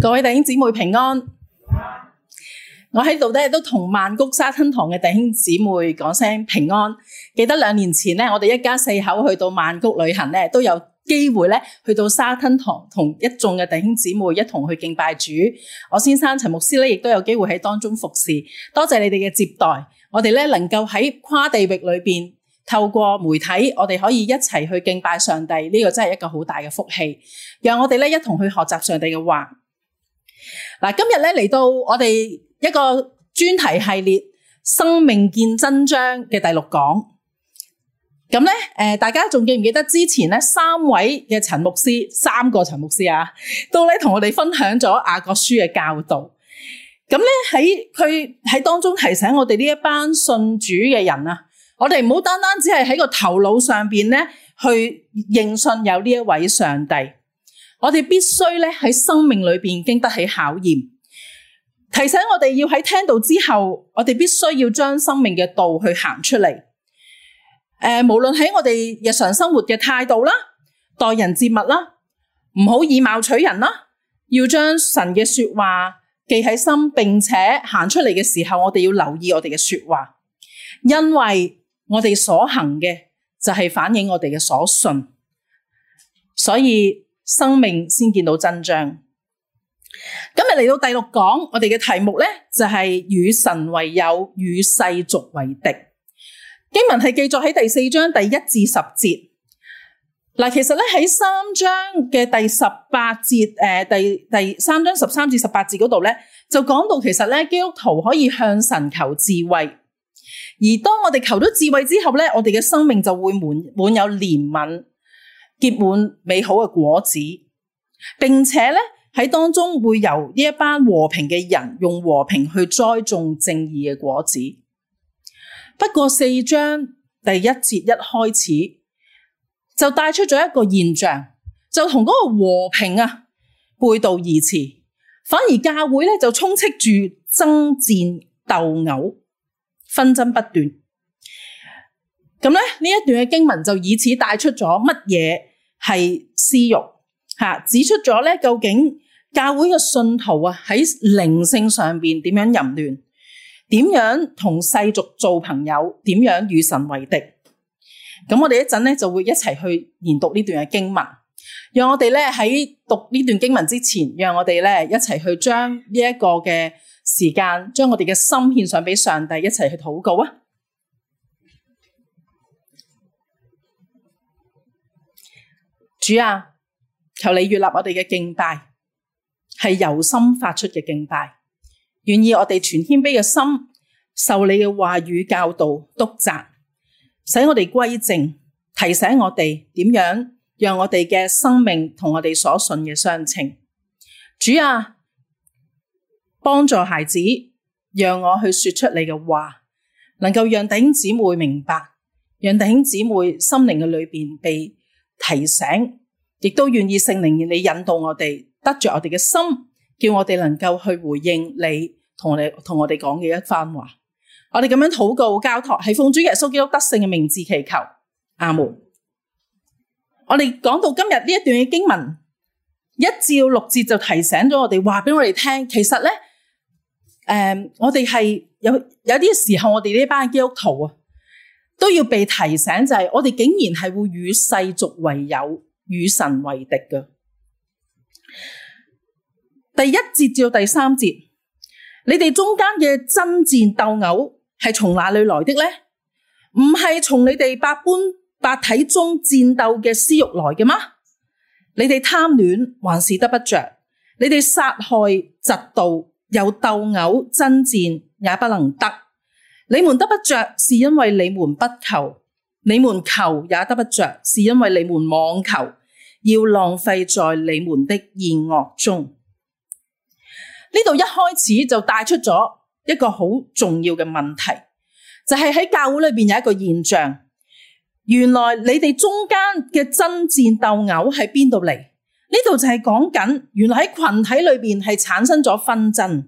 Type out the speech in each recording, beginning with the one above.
各位弟兄姊妹平安，我喺度咧都同曼谷沙吞堂嘅弟兄姊妹講聲平安。記得兩年前咧，我哋一家四口去到曼谷旅行咧，都有機會咧去到沙吞堂同一眾嘅弟兄姊妹一同去敬拜主。我先生陳牧師咧，亦都有機會喺當中服侍。多謝你哋嘅接待，我哋咧能夠喺跨地域裏邊透過媒體，我哋可以一齊去敬拜上帝，呢、呢個真係一個好大嘅福氣。讓我哋咧一同去學習上帝嘅話。嗱，今日咧嚟到我哋一個專題系列《生命見真章》嘅第六講，咁咧誒，大家仲記唔記得之前咧三位嘅陳牧師，三個陳牧師啊，都咧同我哋分享咗雅各書嘅教導，咁咧喺佢喺當中提醒我哋呢一班信主嘅人啊，我哋唔好單單只係喺個頭腦上面咧去認信有呢一位上帝。我哋必須咧喺生命裏面經得起考驗，提醒我哋要喺聽到之後，我哋必須要將生命嘅道去行出嚟。誒、呃，無論喺我哋日常生活嘅態度啦，待人接物啦，唔好以貌取人啦，要將神嘅說話記喺心，並且行出嚟嘅時候，我哋要留意我哋嘅說話，因為我哋所行嘅就係反映我哋嘅所信，所以，生命先見到真章。今日嚟到第六講，我哋嘅題目呢就係、是、與神為友，與世俗為敵。經文係記載喺第四章第一至十節。嗱，其實咧喺三章嘅第十八節，誒、呃，第第三章十三至十八節嗰度呢，就講到其實咧，基督徒可以向神求智慧，而當我哋求到智慧之後咧，我哋嘅生命就會滿滿有憐憫。結滿美好嘅果子，並且咧喺當中會由呢一班和平嘅人用和平去栽種正義嘅果子。不過四章第一節一開始就帶出咗一個現象，就同嗰個和平啊背道而馳，反而教會咧就充斥住爭戰鬥毆紛爭不斷。咁咧呢一段嘅經文就以此帶出咗乜嘢？係私欲吓，指出咗咧究竟教會嘅信徒啊喺靈性上邊點樣淫亂，點樣同世俗做朋友，點樣與神為敵？咁我哋一陣咧就會一齊去研讀呢段嘅經文，讓我哋咧喺讀呢段經文之前，讓我哋咧一齊去將呢一個嘅時間，將我哋嘅心獻上俾上帝，一齊去禱告啊！主啊，求你悅納我哋嘅敬拜，係由心發出嘅敬拜。願意我哋全謙卑嘅心受你嘅話語教導督責，使我哋歸正，提醒我哋點樣，讓我哋嘅生命同我哋所信嘅相稱。主啊，幫助孩子，讓我去說出你嘅話，能夠讓弟兄姊妹明白，讓弟兄姊妹心靈嘅裏邊被。提醒，亦都願意聖靈，你引導我哋，得着我哋嘅心，叫我哋能夠去回應你，同你同我哋講嘅一番話。我哋咁樣禱告交託，係奉主耶穌基督得勝嘅名字祈求，阿門。我哋講到今日呢一段嘅經文，一至六節就提醒咗我哋，話俾我哋聽，其實咧，誒、呃，我哋係有有啲時候，我哋呢班基督徒啊。都要被提醒，就係、是、我哋竟然係會與世俗為友，與神為敵嘅。第一節至到第三節，你哋中間嘅爭戰鬥毆係從哪裏來的呢？唔係從你哋百官百體中戰鬥嘅私慾來嘅嗎？你哋貪戀還是得不着？你哋殺害嫉妒又鬥毆爭戰也不能得。你們得不着，是因為你們不求；你們求也得不着，是因為你們妄求，要浪費在你們的宴樂中。呢度一開始就帶出咗一個好重要嘅問題，就係喺教會裏邊有一個現象，原來你哋中間嘅爭戰鬥毆喺邊度嚟？呢度就係講緊，原來喺群體裏邊係產生咗紛爭。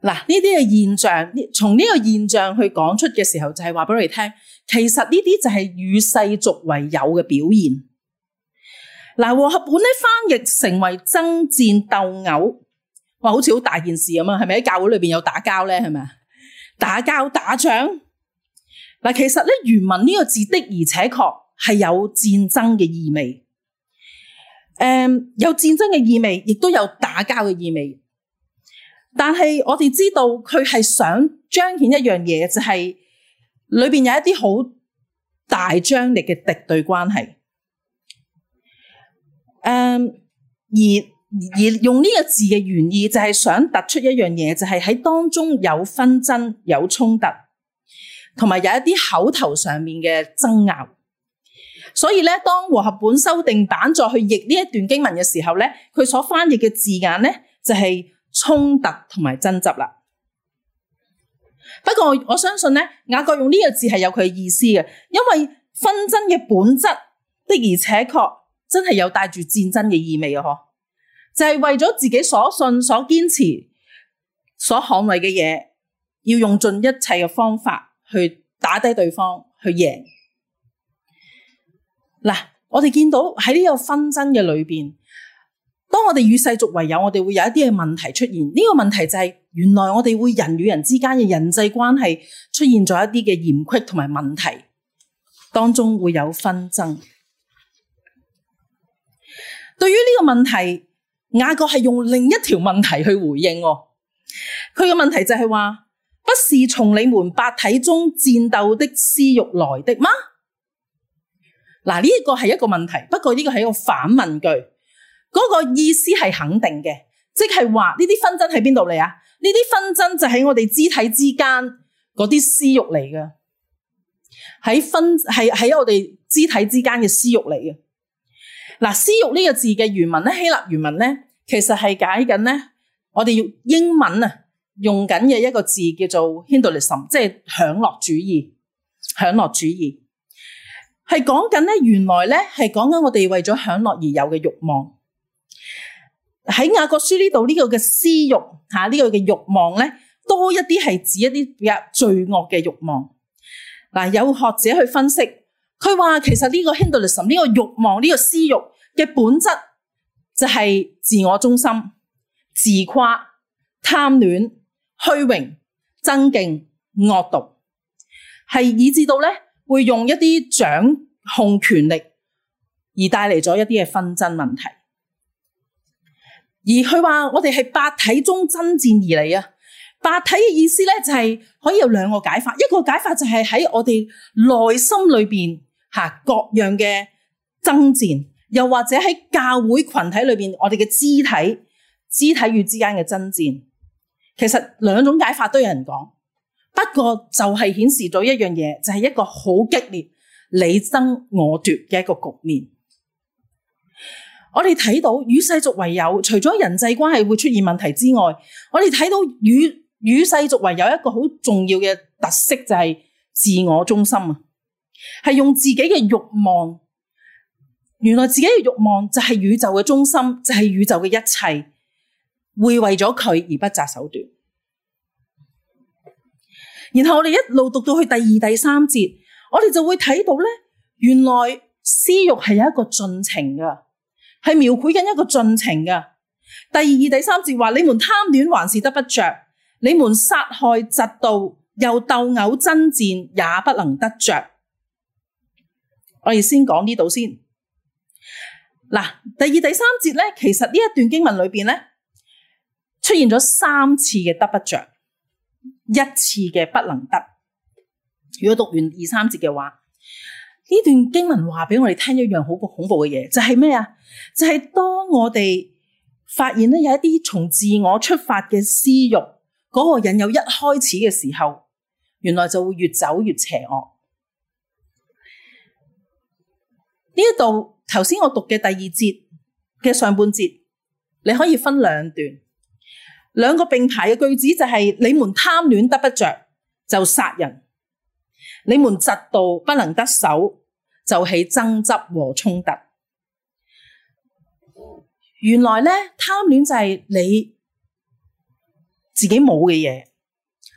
嗱，呢啲嘅現象，從呢個現象去講出嘅時候，就係話俾我哋聽，其實呢啲就係與世俗為友嘅表現。嗱，和合本咧翻譯成為爭戰鬥毆，話好似好大件事咁啊，係咪喺教會裏邊有打交咧？係咪打交打仗？嗱，其實咧原文呢個字的而且確係有戰爭嘅意味，誒，有戰爭嘅意味，亦都有打交嘅意味。但係我哋知道佢係想彰顯一樣嘢，就係、是、裏邊有一啲好大張力嘅敵對關係。誒、嗯，而而用呢個字嘅原意，就係想突出一樣嘢，就係、是、喺當中有紛爭、有衝突，同埋有一啲口頭上面嘅爭拗。所以咧，當和合本修訂版再去譯呢一段經文嘅時候咧，佢所翻譯嘅字眼咧，就係、是。衝突同埋爭執啦，不過我相信呢，雅各用呢個字係有佢嘅意思嘅，因為紛爭嘅本質的而且確真係有帶住戰爭嘅意味啊！嗬，就係為咗自己所信、所堅持、所捍衛嘅嘢，要用盡一切嘅方法去打低對方，去贏。嗱，我哋見到喺呢個紛爭嘅裏邊。當我哋與世俗為友，我哋會有一啲嘅問題出現。呢個問題就係原來我哋會人與人之間嘅人際關係出現咗一啲嘅嫌隙同埋問題當中會有紛爭。對於呢個問題，雅各係用另一條問題去回應。佢嘅問題就係話，不是從你們百體中戰鬥的私欲來的嗎？嗱，呢個係一個問題，不過呢個係一個反問句。嗰個意思係肯定嘅，即係話呢啲紛爭喺邊度嚟啊？呢啲紛爭就喺我哋肢體之間嗰啲私欲嚟嘅。喺紛係喺我哋肢體之間嘅私欲嚟嘅。嗱，私欲呢個字嘅原文咧，希臘原文咧，其實係解緊咧，我哋要英文啊用緊嘅一個字叫做 hedonism 即係享樂主義。享樂主義係講緊咧，原來咧係講緊我哋為咗享樂而有嘅欲望。喺《雅各書》啊這個，呢度呢個嘅私欲吓，呢個嘅欲望咧多一啲，係指一啲比較罪惡嘅欲望。嗱、啊，有學者去分析，佢話其實呢個 hedonism 呢個欲望呢，這個這個私欲嘅本質就係自我中心、自誇、貪戀、虛榮、爭競、惡毒，係以致到咧會用一啲掌控權力而帶嚟咗一啲嘅紛爭問題。而佢話：我哋係八體中爭戰而嚟啊！八體嘅意思咧，就係可以有兩個解法。一個解法就係喺我哋內心裏邊吓各樣嘅爭戰，又或者喺教會群體裏邊，我哋嘅肢體、肢體與之間嘅爭戰。其實兩種解法都有人講，不過就係顯示咗一樣嘢，就係、是、一個好激烈你爭我奪嘅一個局面。我哋睇到與世俗為友，除咗人際關係會出現問題之外，我哋睇到與與世俗為友一個好重要嘅特色就係自我中心啊，係用自己嘅欲望。原來自己嘅欲望就係宇宙嘅中心，就係宇宙嘅一切，會為咗佢而不擇手段。然後我哋一路讀到去第二、第三節，我哋就會睇到咧，原來私欲係有一個進程噶。係描繪緊一個進程噶，第二、第三節話：你們貪戀還是得不着；你們殺害嫉妒又鬥毆爭戰，也不能得着。我哋先講呢度先。嗱，第二、第三節咧，其實呢一段經文裏邊咧，出現咗三次嘅得不着，一次嘅不能得。如果讀完二三節嘅話。呢段經文話俾我哋聽一樣好恐怖嘅嘢，就係咩啊？就係當我哋發現咧有一啲從自我出發嘅私慾，嗰個人有一開始嘅時候，原來就會越走越邪惡。呢一度頭先我讀嘅第二節嘅上半節，你可以分兩段，兩個並排嘅句子就係：你們貪戀得不着，就殺人；你們嫉妒不能得手。就起爭執和衝突。原來咧，貪戀就係你自己冇嘅嘢，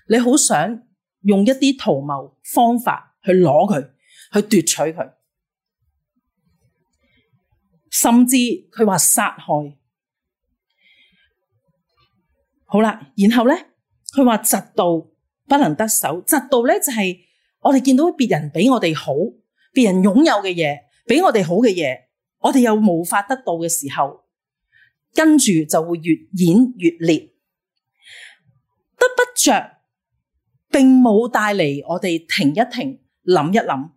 你好想用一啲圖謀方法去攞佢，去奪取佢，甚至佢話殺害。好啦，然後咧，佢話嫉妒不能得手，嫉妒咧就係我哋見到別人比我哋好。別人擁有嘅嘢，比我哋好嘅嘢，我哋又無法得到嘅時候，跟住就會越演越烈。得不着，並冇帶嚟我哋停一停、諗一諗，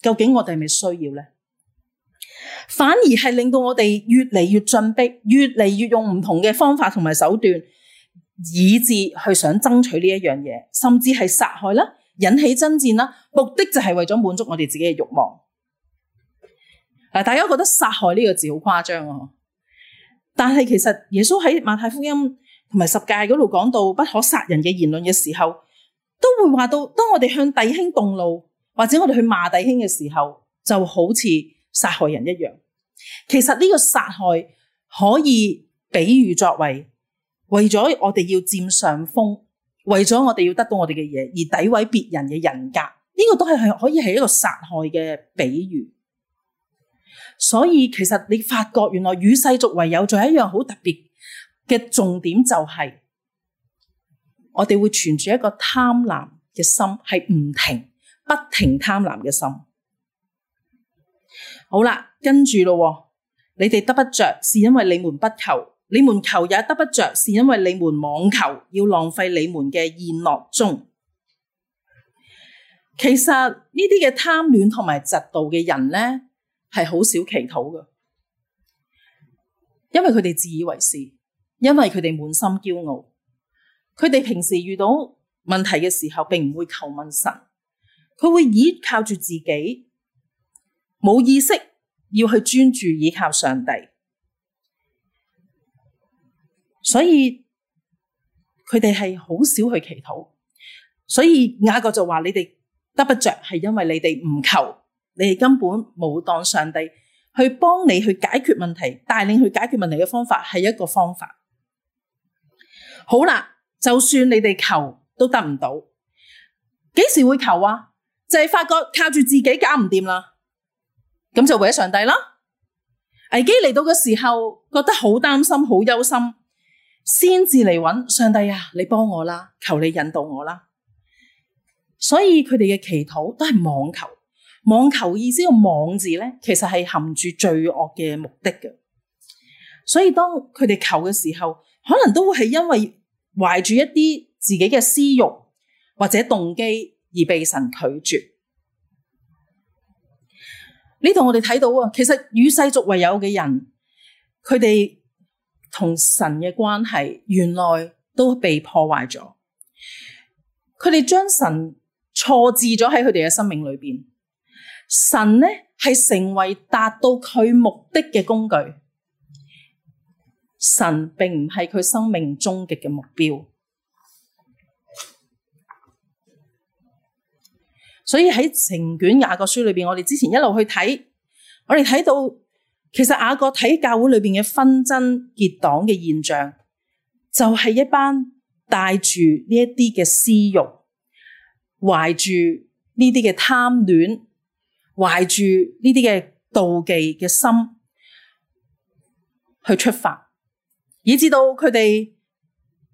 究竟我哋係咪需要呢？反而係令到我哋越嚟越進逼，越嚟越用唔同嘅方法同埋手段，以致去想爭取呢一樣嘢，甚至係殺害啦。引起爭戰啦，目的就係為咗滿足我哋自己嘅慾望。嗱，大家覺得殺害呢個字好誇張啊？但係其實耶穌喺馬太福音同埋十戒嗰度講到不可殺人嘅言論嘅時候，都會話到，當我哋向弟兄動怒或者我哋去罵弟兄嘅時候，就好似殺害人一樣。其實呢個殺害可以，比喻作為為咗我哋要佔上風。為咗我哋要得到我哋嘅嘢，而詆毀別人嘅人格，呢、這個都係可以係一個殺害嘅比喻。所以其實你發覺原來與世俗為友仲一樣好特別嘅重點，就係我哋會存住一個貪婪嘅心，係唔停、不停貪婪嘅心。好啦，跟住咯，你哋得不着，是因為你們不求。你們求也得不着，是因為你們妄求，要浪費你們嘅宴樂中。其實呢啲嘅貪戀同埋嫉妒嘅人呢，係好少祈禱嘅，因為佢哋自以為是，因為佢哋滿心驕傲。佢哋平時遇到問題嘅時候，並唔會求問神，佢會倚靠住自己，冇意識要去專注倚靠上帝。所以佢哋係好少去祈禱，所以雅各就話：你哋得不着，係因為你哋唔求，你哋根本冇當上帝去幫你去解決問題、帶領去解決問題嘅方法係一個方法。好啦，就算你哋求都得唔到，幾時會求啊？就係、是、發覺靠住自己搞唔掂啦，咁就為咗上帝啦。危機嚟到嘅時候，覺得好擔心、好憂心。先至嚟揾上帝啊！你幫我啦，求你引導我啦。所以佢哋嘅祈禱都係妄求，妄求意思個妄字咧，其實係含住罪惡嘅目的嘅。所以當佢哋求嘅時候，可能都會係因為懷住一啲自己嘅私欲或者動機而被神拒絕。呢度我哋睇到啊，其實與世俗為友嘅人，佢哋。同神嘅關係原來都被破壞咗，佢哋將神錯置咗喺佢哋嘅生命裏邊，神呢係成為達到佢目的嘅工具，神並唔係佢生命終極嘅目標。所以喺成卷雅各書裏邊，我哋之前一路去睇，我哋睇到，其實雅各睇教會裏邊嘅紛爭結黨嘅現象，就係、是、一班帶住呢一啲嘅私欲，懷住呢啲嘅貪戀，懷住呢啲嘅妒忌嘅心去出發，以至到佢哋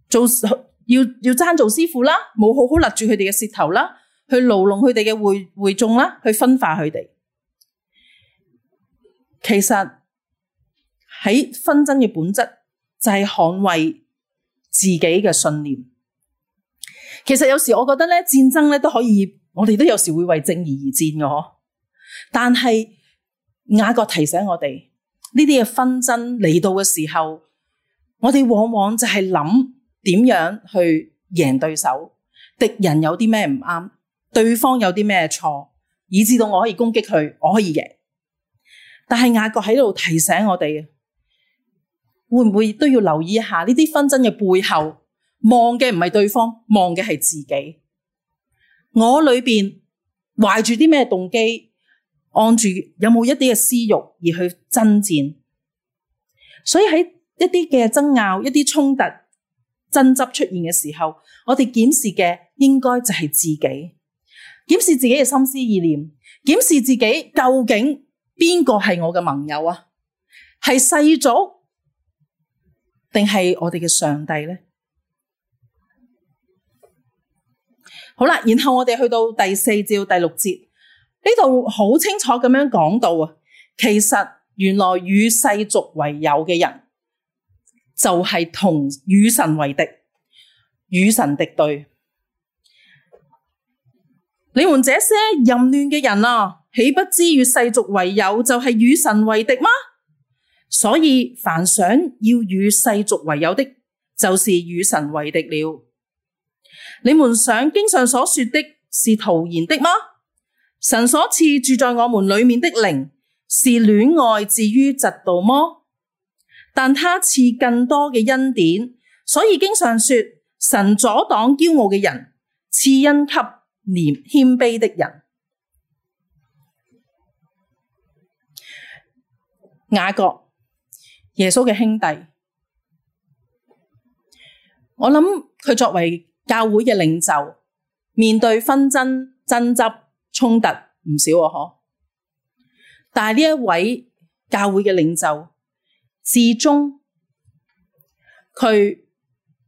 做要要爭做師傅啦，冇好好勒住佢哋嘅舌頭啦，去勞弄佢哋嘅會會眾啦，去分化佢哋。其實喺紛爭嘅本質就係捍衛自己嘅信念。其實有時我覺得咧，戰爭咧都可以，我哋都有時會為正義而戰嘅。但係雅各提醒我哋，呢啲嘅紛爭嚟到嘅時候，我哋往往就係諗點樣去贏對手，敵人有啲咩唔啱，對方有啲咩錯，以至到我可以攻擊佢，我可以贏。但係雅各喺度提醒我哋，會唔會都要留意一下呢啲紛爭嘅背後？望嘅唔係對方，望嘅係自己。我裏邊懷住啲咩動機？按住有冇一啲嘅私慾而去爭戰？所以喺一啲嘅爭拗、一啲衝突、爭執出現嘅時候，我哋檢視嘅應該就係自己，檢視自己嘅心思意念，檢視自己究竟。邊個係我嘅盟友啊？係世俗，定係我哋嘅上帝呢？好啦，然後我哋去到第四至第六節呢度，好清楚咁樣講到啊。其實原來與世俗為友嘅人，就係、是、同與神為敵，與神敵對。你們這些淫亂嘅人啊！豈不知與世俗為友，就係、是、與神為敵嗎？所以凡想要與世俗為友的，就是與神為敵了。你們想經上所說的是徒然的嗎？神所賜住在我們裏面的靈，是戀愛至於嫉妒麼？但他賜更多嘅恩典，所以經上說：神阻擋驕傲嘅人，賜恩給念謙卑的人。雅各，耶穌嘅兄弟，我諗佢作為教會嘅領袖，面對紛爭、爭執、衝突唔少，嗬。但係呢一位教會嘅領袖，至終佢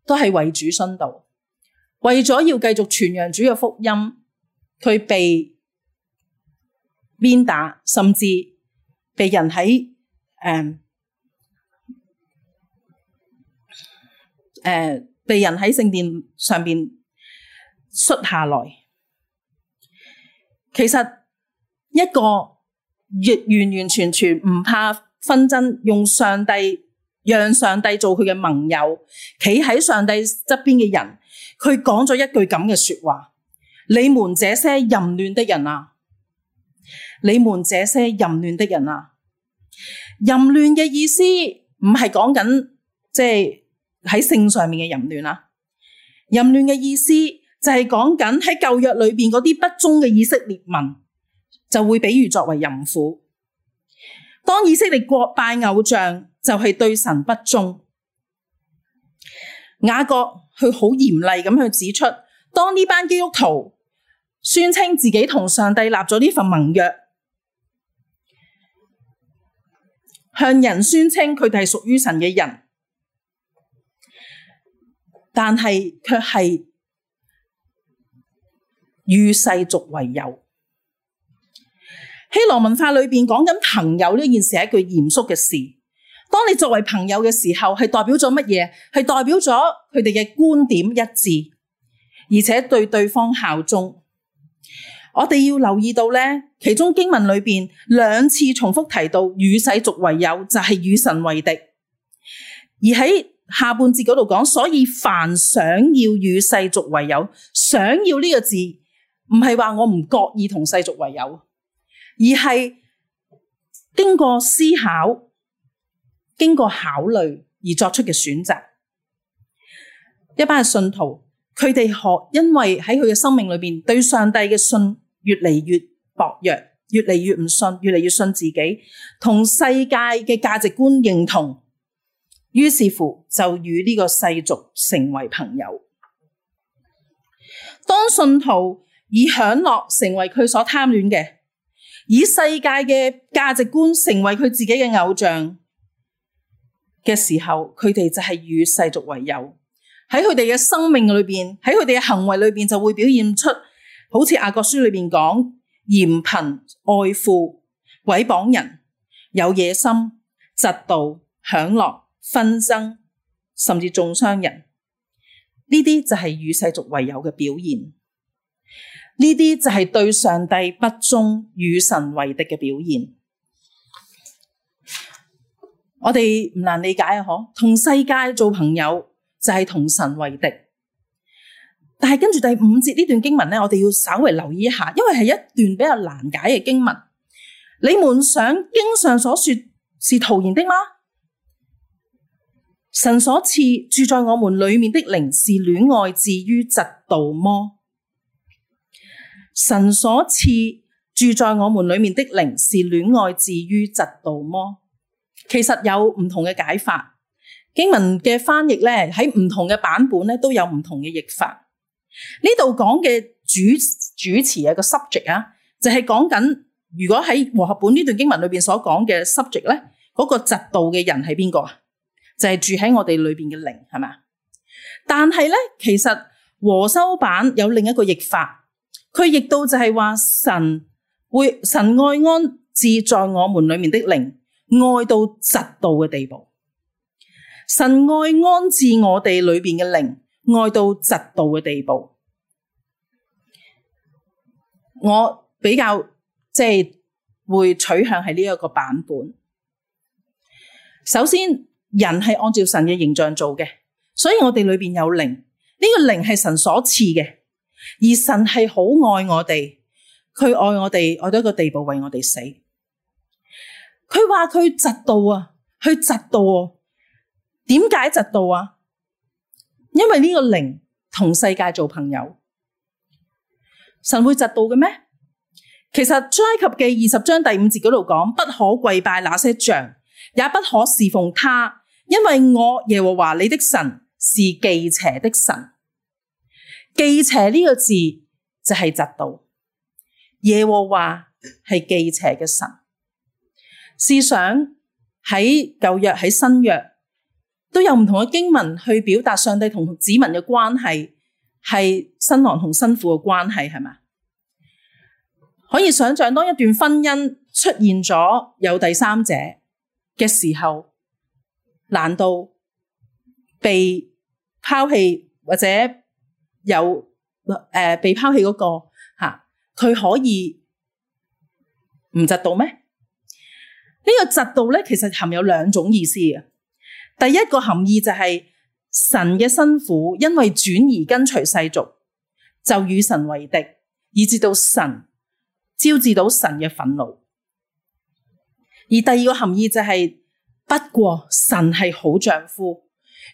都係為主殉道，為咗要繼續傳揚主嘅福音，佢被鞭打，甚至被人喺。誒誒，um, uh, 被人喺聖殿上邊摔下來。其實一個完完全全唔怕紛爭，用上帝讓上帝做佢嘅盟友，企喺上帝側邊嘅人，佢講咗一句咁嘅說話：你們這些淫亂的人啊，你們這些淫亂的人啊！淫亂嘅意思唔係講緊即係喺性上面嘅淫亂啦，淫亂嘅意思就係講緊喺舊約裏邊嗰啲不忠嘅以色列民就會比喻作為淫婦，當以色列國拜偶像就係對神不忠，雅各佢好嚴厲咁去指出，當呢班基督徒宣稱自己同上帝立咗呢份盟約。向人宣稱佢哋係屬於神嘅人，但係卻係與世俗為友。希羅文化裏邊講緊朋友呢件事係一句嚴肅嘅事。當你作為朋友嘅時候，係代表咗乜嘢？係代表咗佢哋嘅觀點一致，而且對對方效忠。我哋要留意到咧，其中經文裏邊兩次重複提到與世俗為友，就係、是、與神為敵。而喺下半節嗰度講，所以凡想要與世俗為友，想要呢個字，唔係話我唔覺意同世俗為友，而係經過思考、經過考慮而作出嘅選擇。一班嘅信徒，佢哋學，因為喺佢嘅生命裏邊對上帝嘅信，越嚟越薄弱，越嚟越唔信，越嚟越信自己，同世界嘅價值觀認同，於是乎就與呢個世俗成為朋友。當信徒以享樂成為佢所貪戀嘅，以世界嘅價值觀成為佢自己嘅偶像嘅時候，佢哋就係與世俗為友。喺佢哋嘅生命裏面，喺佢哋嘅行為裏面，就會表現出。好似《雅各書》裏面講，嫌貧愛富、毀謗人、有野心、嫉妒、享樂、紛爭，甚至中傷人，呢啲就係與世俗為友嘅表現；呢啲就係對上帝不忠、與神為敵嘅表現。我哋唔難理解啊，嗬，同世界做朋友就係、是、同神為敵。但係跟住第五節呢段經文咧，我哋要稍微留意一下，因為係一段比較難解嘅經文。你們想經上所說是徒然的嗎？神所賜住在我們裏面的靈是戀愛至於嫉妒嗎？神所賜住在我們裏面的靈是戀愛至於嫉妒嗎？其實有唔同嘅解法，經文嘅翻譯咧，喺唔同嘅版本咧都有唔同嘅譯法。呢度講嘅主主持嘅個 subject 啊，就係講緊如果喺和合本呢段經文裏邊所講嘅 subject 咧，嗰個嫉妒嘅人係邊個啊？就係、是、住喺我哋裏邊嘅靈係咪？但係咧，其實和修版有另一個譯法，佢譯到就係話神會神愛安置在我們裏面的靈，愛到嫉妒嘅地步，神愛安置我哋裏邊嘅靈。愛到嫉妒嘅地步，我比較即係會取向係呢一個版本。首先，人係按照神嘅形象做嘅，所以我哋裏面有靈，呢個靈係神所賜嘅，而神係好愛我哋，佢愛我哋愛到一個地步，為我哋死。佢話佢嫉妒啊，佢嫉妒啊，點解嫉妒啊？因為呢個靈同世界做朋友，神會嫉妒嘅咩？其實《出埃及記》二十章第五節嗰度講：不可跪拜那些像，也不可侍奉他，因為我耶和華你的神是忌邪的神。忌邪呢個字就係嫉妒，耶和華係忌邪嘅神。試想喺舊約喺新約。都有唔同嘅經文去表達上帝同子民嘅關係，係新郎同新婦嘅關係係嘛？可以想象當一段婚姻出現咗有第三者嘅時候，難道被拋棄或者有誒、呃、被拋棄嗰個吓，佢可以唔窒到咩？呢個窒到咧，其實含有兩種意思嘅。第一個含義就係、是、神嘅辛苦，因為轉移跟隨世俗，就與神為敵，以至到神招致到神嘅憤怒。而第二個含義就係、是，不過神係好丈夫，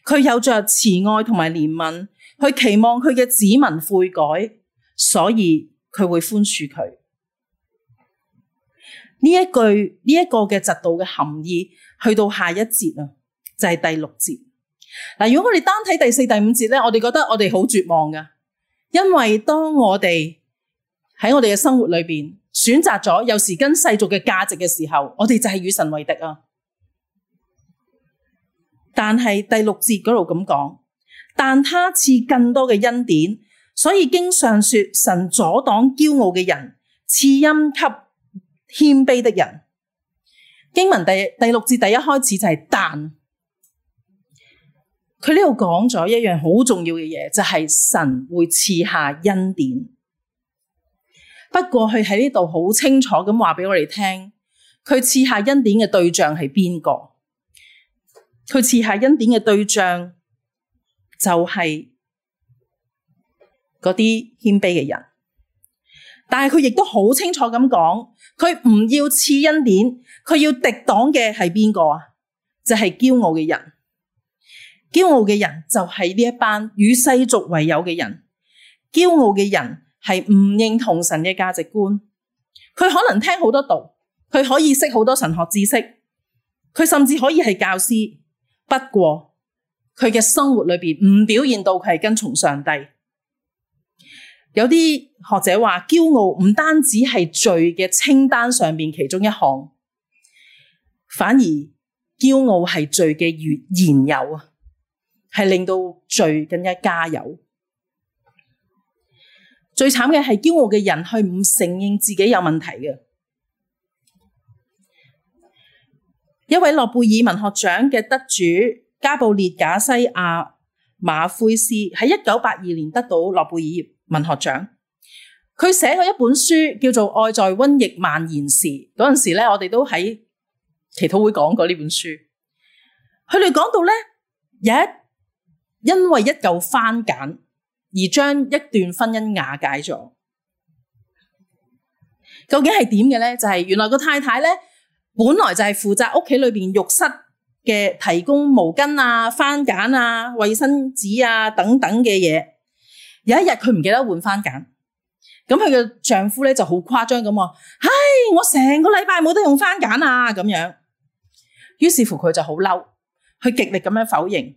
佢有着慈愛同埋憐憫，佢期望佢嘅子民悔改，所以佢會寬恕佢。呢一句呢一、這個嘅習道嘅含義，去到下一節啊。就係第六節嗱，如果我哋單睇第四、第五節咧，我哋覺得我哋好絕望噶，因為當我哋喺我哋嘅生活裏邊選擇咗有時跟世俗嘅價值嘅時候，我哋就係與神為敵啊。但係第六節嗰度咁講，但他賜更多嘅恩典，所以經上說神阻擋驕傲嘅人，賜恩給謙卑的人。經文第第六節第一開始就係但。佢呢度講咗一樣好重要嘅嘢，就係神會賜下恩典。不過佢喺呢度好清楚咁話俾我哋聽，佢賜下恩典嘅對象係邊個？佢賜下恩典嘅對象就係嗰啲謙卑嘅人。但係佢亦都好清楚咁講，佢唔要賜恩典，佢要抵擋嘅係邊個啊？就係驕傲嘅人。驕傲嘅人就係呢一班與世俗為友嘅人。驕傲嘅人係唔認同神嘅價值觀。佢可能聽好多道，佢可以識好多神學知識，佢甚至可以係教師。不過佢嘅生活裏面唔表現到佢係跟從上帝。有啲學者話，驕傲唔單止係罪嘅清單上面其中一項，反而驕傲係罪嘅原原由啊！係令到罪更加加油，最慘嘅係驕傲嘅人，去唔承認自己有問題嘅。一位諾貝爾文學獎嘅得主加布列賈西亞馬奎斯喺一九八二年得到諾貝爾文學獎，佢寫過一本書叫做《愛在瘟疫蔓延時》。嗰陣時咧，我哋都喺祈禱會講過呢本書。佢哋講到咧，有一。因為一嚿番梘而將一段婚姻瓦解咗，究竟係點嘅咧？就係原來個太太咧，本來就係負責屋企裏邊浴室嘅提供毛巾啊、番梘啊、衛生紙啊等等嘅嘢。有一日佢唔記得換番梘，咁佢嘅丈夫咧就好誇張咁話，唉，我成個禮拜冇得用番梘啊！咁樣，於是乎佢就好嬲，佢極力咁樣否認。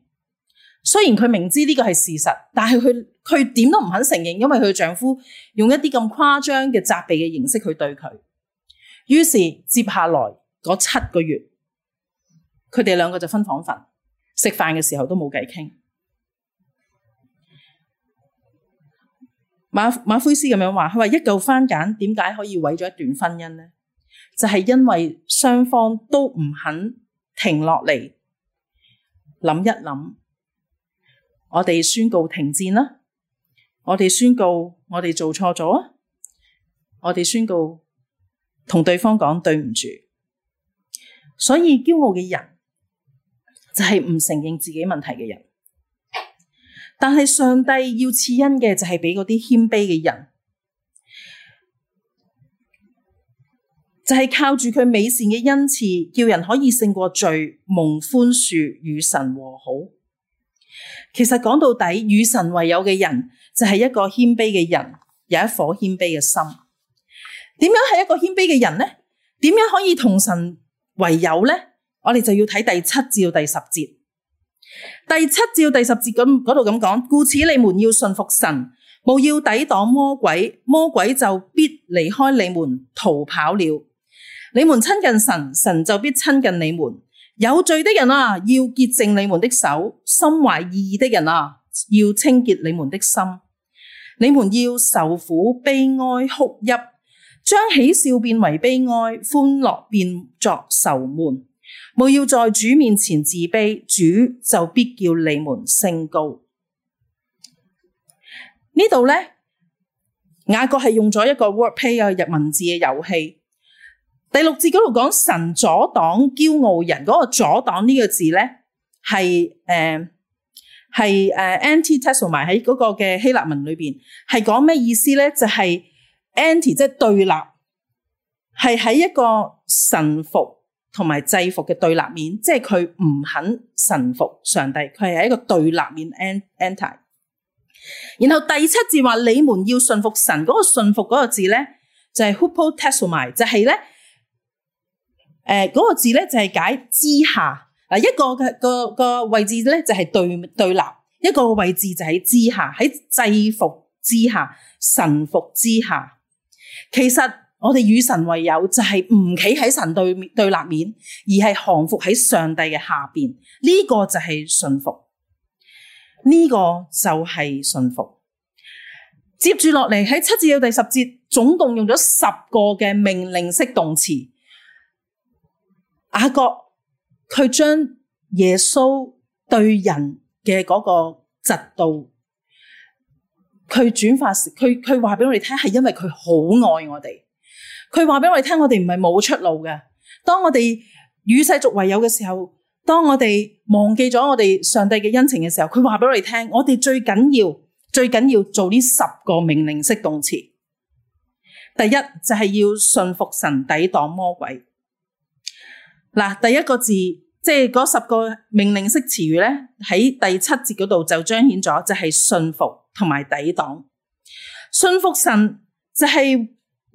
雖然佢明知呢個係事實，但係佢佢點都唔肯承認，因為佢丈夫用一啲咁誇張嘅責備嘅形式去對佢。於是接下來嗰七個月，佢哋兩個就分房瞓，食飯嘅時候都冇計傾。馬馬奎斯咁樣話，佢話一嚿番梘點解可以毀咗一段婚姻呢？就係、是、因為雙方都唔肯停落嚟諗一諗。我哋宣告停戰啦！我哋宣告我，我哋做錯咗。我哋宣告，同對方講對唔住。所以驕傲嘅人就係、是、唔承認自己問題嘅人，但係上帝要賜恩嘅就係俾嗰啲謙卑嘅人，就係、是、靠住佢美善嘅恩賜，叫人可以勝過罪、蒙寬恕與神和好。其實講到底，與神為友嘅人就係、是、一個謙卑嘅人，有一顆謙卑嘅心。點樣係一個謙卑嘅人呢？點樣可以同神為友呢？我哋就要睇，第七至到第十節。第七至到第十節咁嗰度咁講，故此你們要信服神，務要抵擋魔鬼，魔鬼就必離開你們逃跑了。你們親近神，神就必親近你們。有罪的人啊，要潔淨你們的手；心懷二意的人啊，要清潔你們的心。你們要愁苦、悲哀、哭泣，將喜笑變為悲哀，歡樂變作愁悶。務要在主面前自卑，主就必叫你們升高。呢度呢，雅各係用咗一個 wordplay，一個文字嘅遊戲。第六字嗰度講神阻擋驕傲人，嗰、那個阻擋呢個字咧，係誒係誒 antitassomai 喺嗰個嘅希臘文裏邊係講咩意思咧？就係、是、anti，即係對立，係喺一個臣服同埋制服嘅對立面，即係佢唔肯臣服上帝，佢係一個對立面 anti。然後第七字話你們要順服神，嗰、那個順服嗰個字咧就係、是、hypotassomai 就係咧。誒，嗰、呃那個字咧就係解之下嗱，一個嘅個個位置咧就係對對立，一個位置就喺之下，喺制服之下、臣服之下。其實我哋與神為友就係唔企喺神對對立面，而係降服喺上帝嘅下邊。呢、這個就係信服，呢、這個就係信服。接住落嚟喺七至到第十節，總共用咗十個嘅命令式動詞。覺佢將耶穌對人嘅嗰個嫉妒，佢轉發，佢佢話俾我哋聽，係因為佢好愛我哋。佢話俾我哋聽，我哋唔係冇出路嘅。當我哋與世俗為友嘅時候，當我哋忘記咗我哋上帝嘅恩情嘅時候，佢話俾我哋聽，我哋最緊要、最緊要做呢十個命令式動詞。第一就係要信服神，抵擋魔鬼。嗱，第一個字即係嗰十個命令式詞語咧，喺第七節嗰度就彰顯咗，就係信服同埋抵擋。信服神就係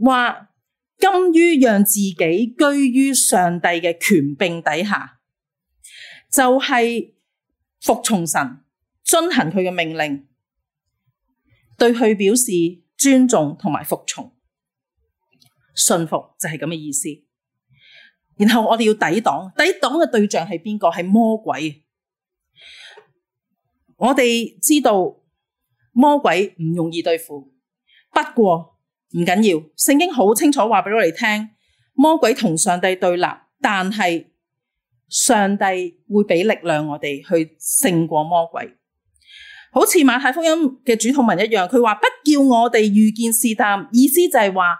話甘於讓自己居於上帝嘅權柄底下，就係服從神，遵行佢嘅命令，對佢表示尊重同埋服從。信服就係咁嘅意思。然後我哋要抵擋，抵擋嘅對象係邊個？係魔鬼。我哋知道魔鬼唔容易對付，不過唔緊要。聖經好清楚話俾我哋聽，魔鬼同上帝對立，但係上帝會俾力量我哋去勝過魔鬼。好似馬太福音嘅主禱文一樣，佢話「不叫我哋遇見試探」，意思就係話。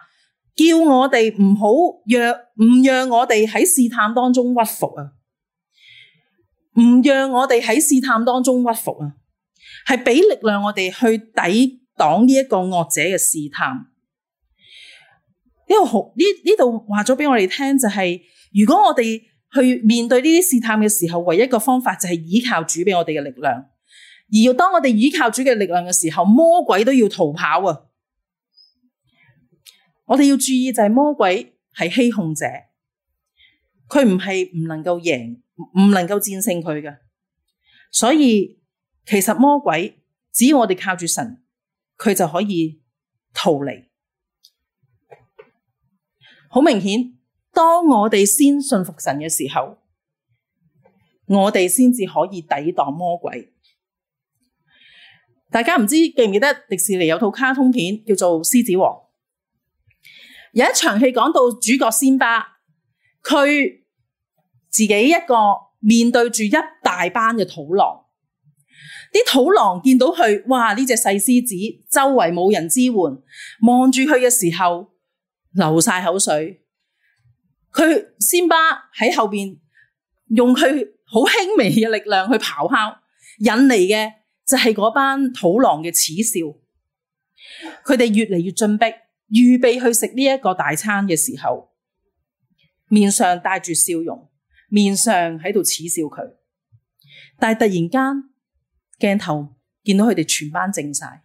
叫我哋唔好讓唔讓我哋喺試探當中屈服啊！唔讓我哋喺試探當中屈服啊！係俾力量我哋去抵擋呢一個惡者嘅試探。呢度好，呢，呢度話咗俾我哋聽就係、是，如果我哋去面對呢啲試探嘅時候，唯一一個方法就係依靠主俾我哋嘅力量。而要當我哋依靠主嘅力量嘅時候，魔鬼都要逃跑啊！我哋要注意就係魔鬼係欺哄者，佢唔係唔能夠贏，唔能夠戰勝佢嘅。所以其實魔鬼只要我哋靠住神，佢就可以逃離。好明顯，當我哋先信服神嘅時候，我哋先至可以抵擋魔鬼。大家唔知記唔記得迪士尼有套卡通片叫做《獅子王》。有一場戲講到主角仙巴，佢自己一個面對住一大班嘅土狼，啲土狼見到佢，哇！呢隻細獅子周圍冇人支援，望住佢嘅時候流晒口水。佢仙巴喺後邊用佢好輕微嘅力量去咆哮，引嚟嘅就係嗰班土狼嘅恥笑。佢哋越嚟越進逼。預備去食呢一個大餐嘅時候，面上帶住笑容，面上喺度恥笑佢，但係突然間鏡頭見到佢哋全班靜晒，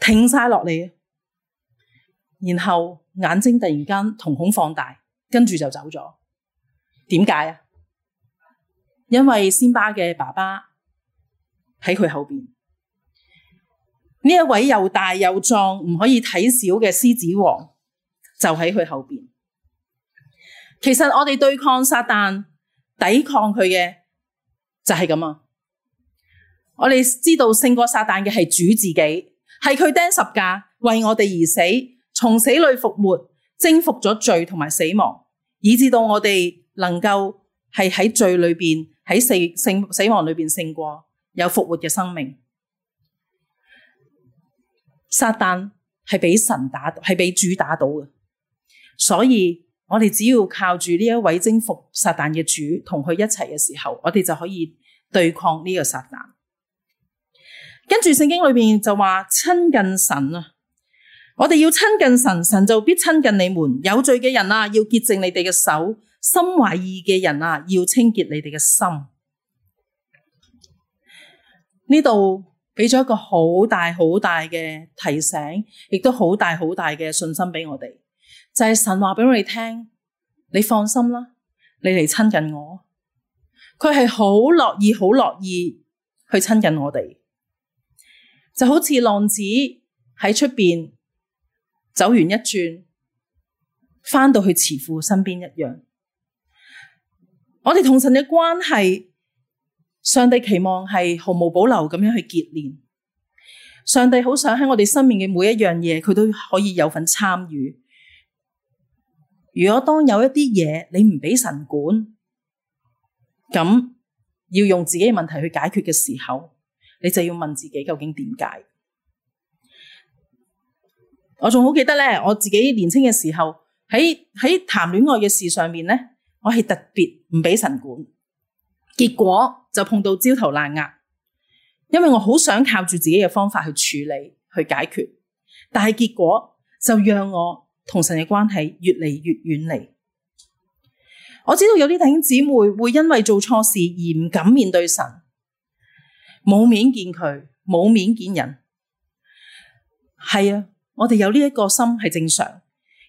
停晒落嚟，然後眼睛突然間瞳孔放大，跟住就走咗。點解呀？因為先巴嘅爸爸喺佢後邊。呢一位又大又壯唔可以睇小嘅獅子王，就喺佢後邊。其實我哋對抗撒旦、抵抗佢嘅就係咁啊！我哋知道勝過撒旦嘅係主自己，係佢釘十架為我哋而死，從死裏復活，征服咗罪同埋死亡，以至到我哋能夠係喺罪裏邊喺死、勝死亡裏邊勝過，有復活嘅生命。撒旦係俾神打，係俾主打到嘅，所以我哋只要靠住呢一位征服撒旦嘅主，同佢一齊嘅時候，我哋就可以對抗呢個撒旦。跟住聖經裏面就話親近神啊，我哋要親近神，神就必親近你們。有罪嘅人啊，要潔淨你哋嘅手；心懷二意嘅人啊，要清潔你哋嘅心。呢度，俾咗一個好大好大嘅提醒，亦都好大好大嘅信心俾我哋，就係神話俾我哋聽，你放心啦，你嚟親近我，佢係好樂意、好樂意去親近我哋，就好似浪子喺出邊走完一轉，翻到去慈父身邊一樣，我哋同神嘅關係。上帝期望係毫無保留咁樣去結連，上帝好想喺我哋生命嘅每一樣嘢，佢都可以有份參與。如果當有一啲嘢你唔畀神管，咁要用自己嘅問題去解決嘅時候，你就要問自己究竟點解？我仲好記得咧，我自己年輕嘅時候喺喺談戀愛嘅事上面咧，我係特別唔畀神管，結果。就碰到焦頭爛額，因為我好想靠住自己嘅方法去處理、去解決，但係結果就讓我同神嘅關係越嚟越遠離。我知道有啲弟兄姊妹會因為做錯事而唔敢面對神，冇面見佢，冇面見人。係啊，我哋有呢一個心係正常。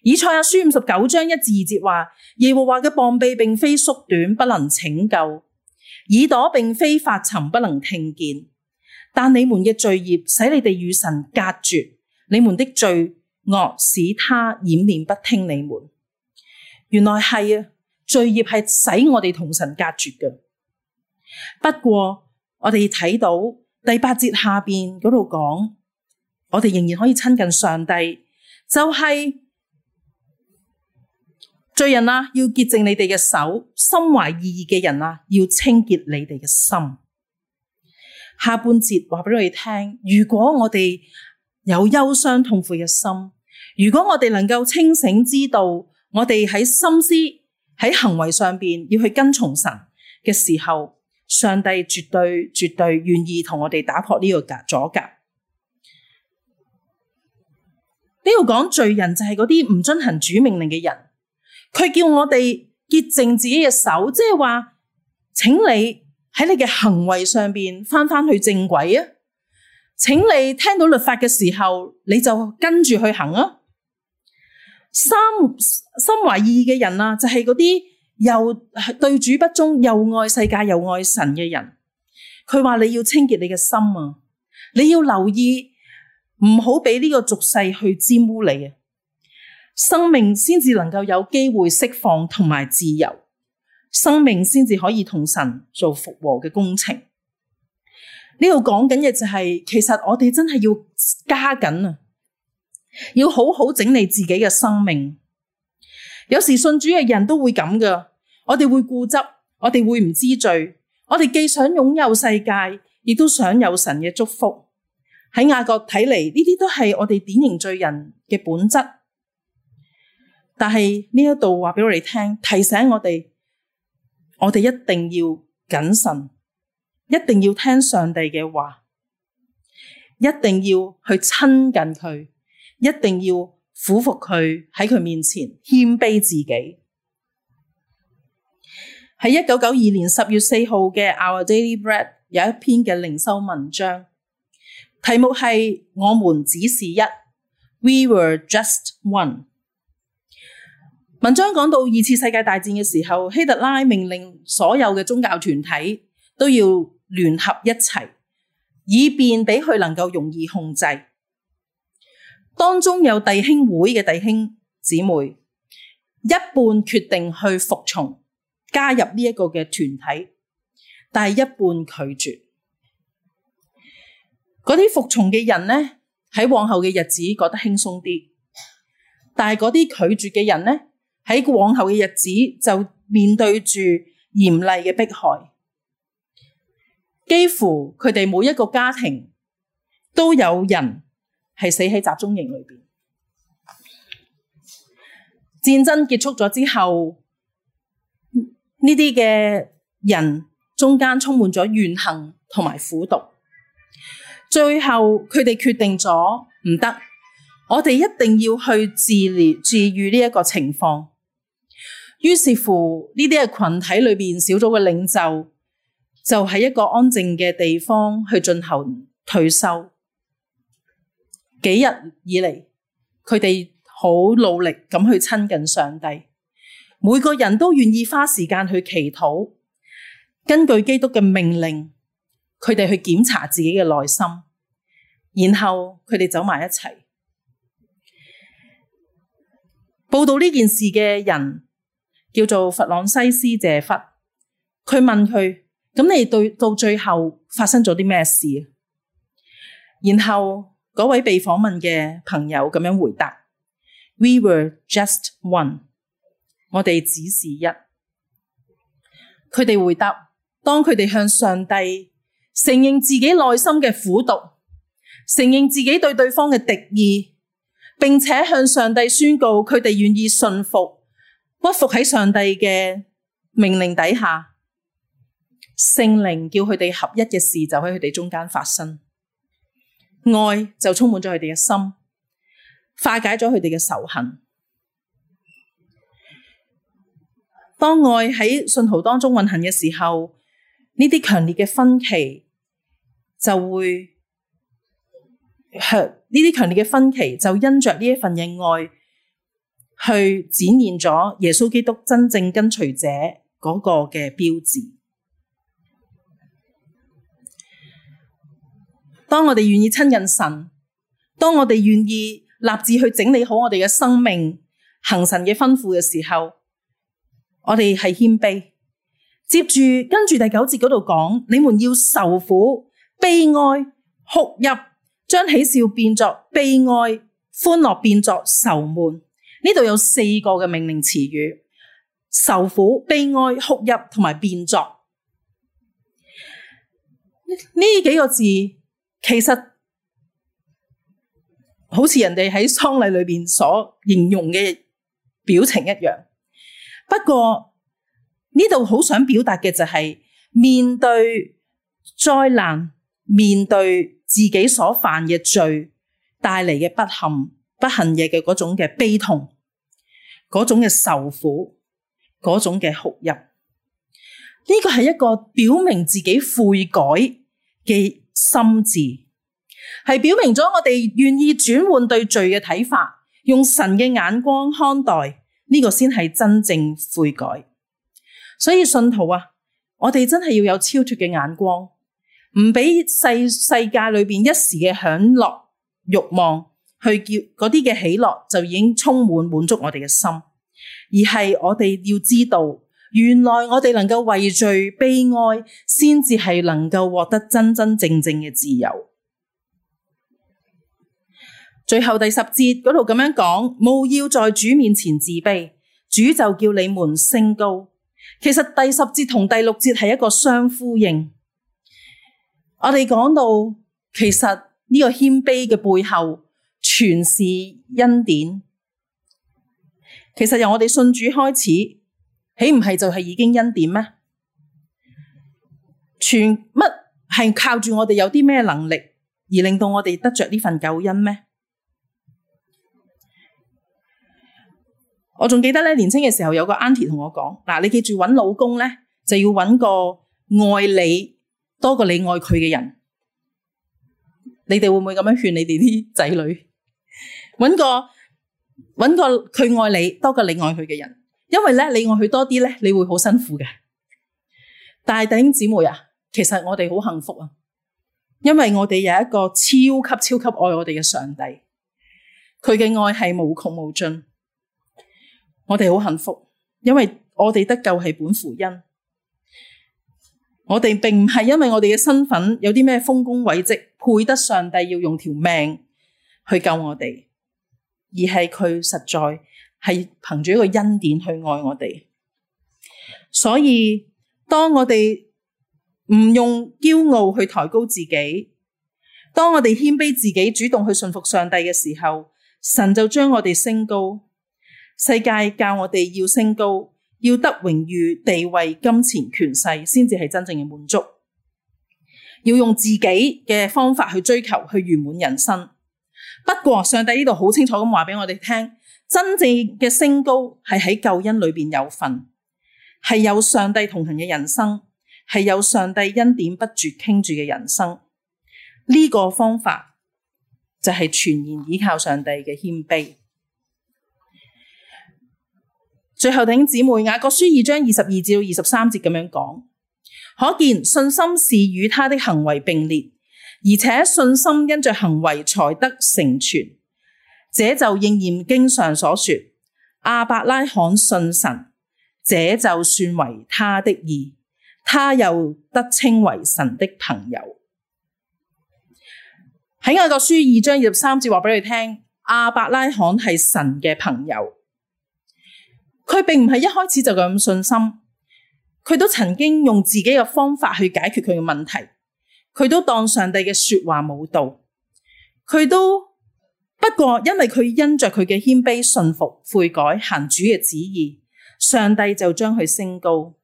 以賽亞書五十九章一至二節話：耶和華嘅膀臂並非縮短，不能拯救。耳朵並非發沉，不能聽見，但你們嘅罪孽使你哋與神隔絕，你們的罪惡使他掩面不聽你們。原來係啊，罪孽係使我哋同神隔絕嘅。不過我哋睇到第八節下邊嗰度講，我哋仍然可以親近上帝，就係、是。罪人啊，要潔淨你哋嘅手；心懷二意嘅人啊，要清潔你哋嘅心。下半節話俾我哋聽：如果我哋有憂傷痛苦嘅心，如果我哋能夠清醒知道，我哋喺心思喺行為上邊要去跟從神嘅時候，上帝絕對絕對願意同我哋打破呢個隔阻隔。呢度講罪人就係嗰啲唔遵行主命令嘅人。佢叫我哋潔淨自己嘅手，即係話，請你喺你嘅行為上邊返返去正軌啊！請你聽到律法嘅時候，你就跟住去行啊！三心二意嘅人啊，就係嗰啲又對主不忠，又愛世界又愛神嘅人。佢話你要清潔你嘅心啊，你要留意，唔好俾呢個俗世去沾污你啊！生命先至能夠有機會釋放同埋自由，生命先至可以同神做復和嘅工程。呢度講緊嘅就係、是，其實我哋真係要加緊啊，要好好整理自己嘅生命。有時信主嘅人都會咁噶，我哋會固執，我哋會唔知罪，我哋既想擁有世界，亦都想有神嘅祝福。喺雅各睇嚟，呢啲都係我哋典型罪人嘅本質。但係呢一度話俾我哋聽，提醒我哋，我哋一定要謹慎，一定要聽上帝嘅話，一定要去親近佢，一定要俯伏佢喺佢面前謙卑自己。喺一九九二年十月四號嘅 Our Daily Bread 有一篇嘅靈修文章，題目係我們只是一，We were just one。文章講到二次世界大戰嘅時候，希特拉命令所有嘅宗教團體都要聯合一齊，以便俾佢能夠容易控制。當中有弟兄會嘅弟兄姊妹，一半決定去服從，加入呢一個嘅團體，但係一半拒絕。嗰啲服從嘅人呢，喺往後嘅日子覺得輕鬆啲，但係嗰啲拒絕嘅人呢。喺往後嘅日子就面對住嚴厲嘅迫害，幾乎佢哋每一個家庭都有人係死喺集中營裏邊。戰爭結束咗之後，呢啲嘅人中間充滿咗怨恨同埋苦毒，最後佢哋決定咗唔得，我哋一定要去治療治癒呢一個情況。於是乎，呢啲係群體裏邊小組嘅領袖，就喺一個安靜嘅地方去進行退休。幾日以嚟，佢哋好努力咁去親近上帝，每個人都願意花時間去祈禱。根據基督嘅命令，佢哋去檢查自己嘅內心，然後佢哋走埋一齊。報道呢件事嘅人，叫做弗朗西斯謝弗，佢問佢：咁你對到最後發生咗啲咩事？然後嗰位被訪問嘅朋友咁樣回答：We were just one，我哋只是一。佢哋回答：當佢哋向上帝承認自己內心嘅苦毒，承認自己對對方嘅敵意，並且向上帝宣告佢哋願意信服，屈服喺上帝嘅命令底下，聖靈叫佢哋合一嘅事就喺佢哋中間發生，愛就充滿咗佢哋嘅心，化解咗佢哋嘅仇恨。當愛喺信徒當中運行嘅時候，呢啲強烈嘅分歧就會，呢啲強烈嘅分歧就因着呢一份嘅愛。去展現咗耶穌基督真正跟隨者嗰個嘅標誌。當我哋願意親近神，當我哋願意立志去整理好我哋嘅生命，行神嘅吩咐嘅時候，我哋係謙卑。接住跟住第九節嗰度講，你們要愁苦、悲哀、哭泣，將喜笑變作悲哀，歡樂變作愁悶。呢度有四個嘅命令詞語：受苦、悲哀、哭泣同埋變作。呢幾個字其實好似人哋喺喪禮裏邊所形容嘅表情一樣。不過呢度好想表達嘅就係、是、面對災難，面對自己所犯嘅罪帶嚟嘅不幸。不幸嘢嘅嗰種嘅悲痛，嗰種嘅受苦，嗰種嘅哭泣，呢個係一個表明自己悔改嘅心志，係表明咗我哋願意轉換對罪嘅睇法，用神嘅眼光看待呢、這個，先係真正悔改。所以信徒啊，我哋真係要有超脫嘅眼光，唔俾世世界裏邊一時嘅享樂欲望。去叫嗰啲嘅喜樂就已經充滿滿足我哋嘅心，而係我哋要知道，原來我哋能夠畏罪、悲哀，先至係能夠獲得真真正正嘅自由。最後第十節嗰度咁樣講，務要在主面前自卑，主就叫你們升高。其實第十節同第六節係一個相呼應。我哋講到，其實呢個謙卑嘅背後。全是恩典，其實由我哋信主開始，豈唔係就係已經恩典咩？全乜係靠住我哋有啲咩能力而令到我哋得着呢份救恩咩？我仲記得咧，年輕嘅時候有個 aunty 同我講：嗱，你記住揾老公咧，就要揾個愛你多過你愛佢嘅人。你哋會唔會咁樣勸你哋啲仔女？揾個揾個佢愛你多過你愛佢嘅人，因為咧你愛佢多啲咧，你會好辛苦嘅。但係弟兄姊妹啊，其實我哋好幸福啊，因為我哋有一個超級超級愛我哋嘅上帝，佢嘅愛係無窮無盡。我哋好幸福，因為我哋得救係本乎恩，我哋並唔係因為我哋嘅身份有啲咩豐功偉績配得上帝要用條命去救我哋。而係佢實在係憑住一個恩典去愛我哋，所以當我哋唔用驕傲去抬高自己，當我哋謙卑自己，主動去信服上帝嘅時候，神就將我哋升高。世界教我哋要升高，要得榮譽、地位、金錢、權勢，先至係真正嘅滿足。要用自己嘅方法去追求，去圓滿人生。不過上帝呢度好清楚咁話俾我哋聽，真正嘅升高係喺救恩裏邊有份，係有上帝同行嘅人生，係有上帝恩典不絕傾住嘅人生。呢個方法就係全然依靠上帝嘅謙卑。最後弟兄姊妹，雅各書二章二十二至二十三節咁樣講，可見信心是與他的行為並列。而且信心因着行為才得成全，這就應驗經上所說：阿伯拉罕信神，這就算為他的義，他又得稱為神的朋友。喺《雅各書》二章二十三節話俾你聽：阿伯拉罕係神嘅朋友，佢並唔係一開始就咁信心，佢都曾經用自己嘅方法去解決佢嘅問題。佢都當上帝嘅說話冇道，佢都不過，因為佢因着佢嘅謙卑、信服、悔改、行主嘅旨意，上帝就將佢升高。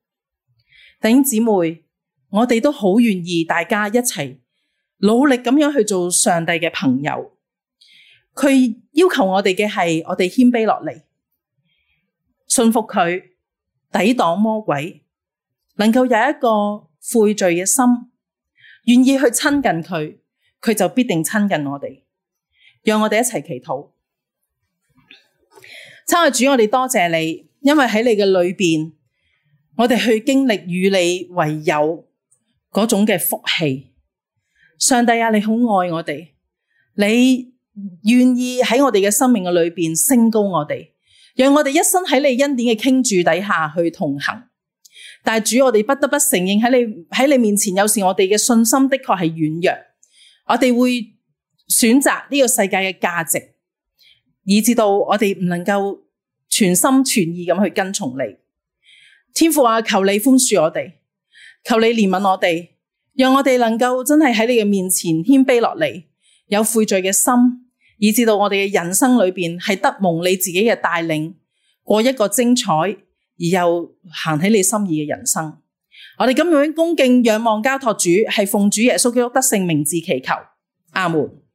弟兄姊妹，我哋都好願意大家一齊努力咁樣去做上帝嘅朋友。佢要求我哋嘅係，我哋謙卑落嚟，信服佢，抵擋魔鬼，能夠有一個悔罪嘅心。願意去親近佢，佢就必定親近我哋。讓我哋一齊祈禱，親愛嘅主，我哋多謝、謝你，因為喺你嘅裏邊，我哋去經歷與你為友嗰種嘅福氣。上帝啊，你好愛我哋，你願意喺我哋嘅生命嘅裏邊升高我哋，讓我哋一生喺你恩典嘅傾注底下去同行。但係主，我哋不得不承認喺你喺你面前，有時我哋嘅信心的確係軟弱，我哋會選擇呢個世界嘅價值，以至到我哋唔能夠全心全意咁去跟從你。天父啊，求你寬恕我哋，求你憐憫我哋，讓我哋能夠真係喺你嘅面前謙卑落嚟，有悔罪嘅心，以至到我哋嘅人生裏邊係得蒙你自己嘅帶領，過一個精彩，而又行喺你心意嘅人生，我哋咁樣恭敬仰望交託主，係奉主耶穌基督得勝名字祈求，阿門。